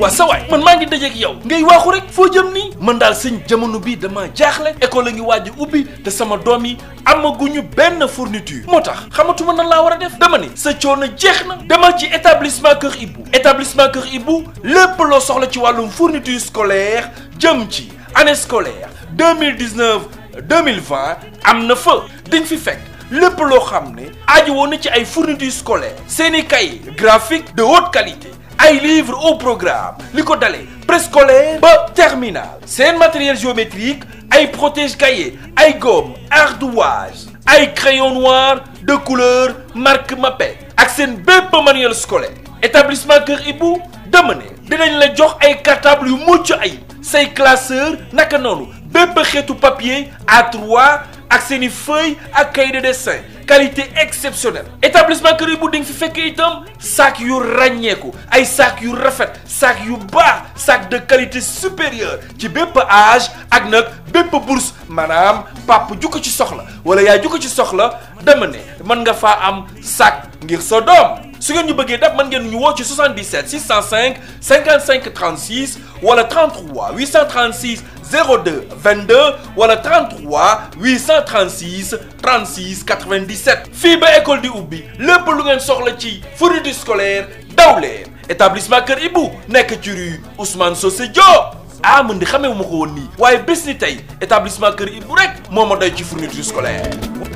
waa sa waay man maa ngi dajeeg yow ngay waaxu rek foo jëm nii man daal sëñ jamono bi dama jaaxle école a ngi waaj a ubbi te sama doom yi amaguñu benn fourniture moo tax xamatuma nan laa war a def dama sa coono jeex na demal ci établissement Kër Ibou établissement Kër Ibou lépp loo soxla ci wàllum fourniture scolaire jëm ci année deux mille dix-neuf deux mille vingt am na fa dañ fi fekk. Le loo xam ne aju woon na ci ay fournitures scolaires cahier graphique de haute qualité ay livres au programme li ko dalee préscolaire ba terminal seen matériel géométrique ay protège cahier ay gomme ardoise ay crayon noir de couleur marque Mapei ak seen bépp manuel scolaire établissement cœur Ibou dama ne dinañ la jox ay cartable yu mucc ay say classeur naka noonu bépp xeetu papier à 3 ak seen i feuille ak cahier de dessin qualité exceptionnelle établissement que Ibou fi fekk itam sac yu ràññeeku ay sac yu rafet sac yu bas, sac de qualité supérieure ci bépp âge ak nag bourse madame, pap du ko ci soxla wala yaay ju ko ci soxla dama ne nga fa am sac ngir sa doom. su ngeen ñu bëggee daf mën ngeen ñu 77 605 55 36 ou 33 836 02 22 wala 33 836 36 97 Fibre école du Ubi, le lu ngeen soxla ci fourniture scolaire Double établissement Kër Ibou rue Ousmane Sosejo. ah je de xamee pas ma établissement Kër Ibou rek fourniture scolaire.